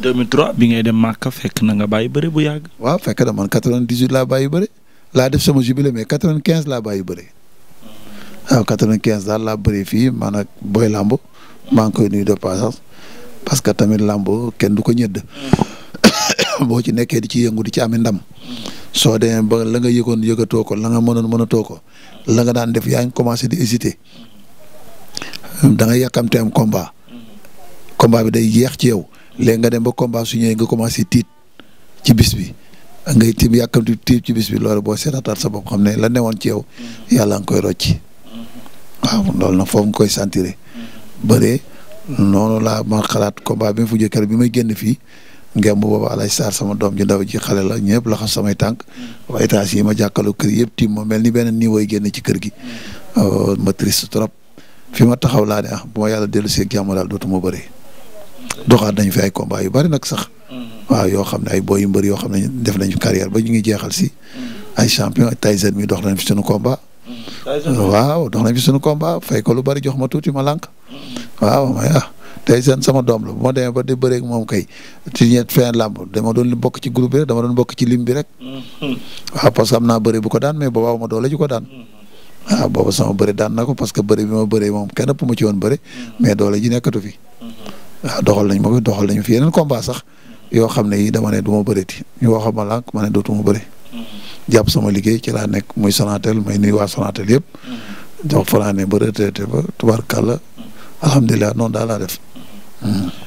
kon bi ngay dem Màkka fekk na nga bàyyi bëre bu yàgg. waaw fekk na man 98 laa bàyyi bëre laa def sama jubilé mais 95 laa bàyyi bëre. waaw 95 daal laa bëri fii man ak Boy Lambo maa ngi koy nuyu de passage parce que tamit Lambo kenn du ko ñëdd boo ci nekkee di ci yëngu di ci amee ndam. soo dee ba la nga yëgoon yëgatoo ko la nga mënoon too ko la nga daan def yaa ngi commencé di hésiter danga nga yàkkamte am combat. combat bi léegi nga dem ba combat su ñëwee nga commencé tiit ci bis bi ngay tim yàkkamti tiit ci bis bi loolu boo seetataat sa bopp xam ne la newoon ci yow yàlla nga koy rocci waaw loolu nag foofu nga koy sentir bëree noonu laa ma xalaat combat bi ma fu jëkkër bi may génn fii ngem bu booba alay saar sama doom ji ndaw ji xale la ñëpp la samay tànk waaye étage yi ma jàkkaloo kër yëpp tiim ma mel ni benn niveau yi génn ci kër gi oh, ma triste trop fi ma taxaw laa ne ah yàlla dellu see jàmm daal dootuma bëree doxaat nañ fi ay combat yu bari nag sax. Mm-hmm. waaw yoo xam ne ay boy yu mbër yoo xam ne def nañu carrière ba ñu ngi jeexal si. Mm-hmm. ay champion Tyson mi dox nañ fi suñu combat. Mm-hmm. waaw dox nañ fi suñu combat fay ko lu bari jox ma tuuti ma lànk. waaw may sama doom la bu ma ba di bëreeg moom kay ci ñett fin làmb dama doon bokk ci groupe dama doon bokk ci lim bi rek. waaw parce am naa bëri bu ko daan mais boobaa ma doole ju ko daan. waaw booba sama bëri daan na ko parce que bëri bi ma bëree moom kenn ëpp ma ci woon bari mais doole ji nekkatu fi. waaw ah, doxal nañ ma fi doxal nañ fi yeneen combat sax yoo xam ne yi dama ne du ma bëreeti ñu waxoon ma lànk ma ne dootuma bëri. jàpp sama liggéey ci laa nekk muy Sonatel may nuyu waa Sonatel yëpp. jox fanaane ba retraité ba tubaarkàlla. alhamdulilah noonu daal laa def. Hmm.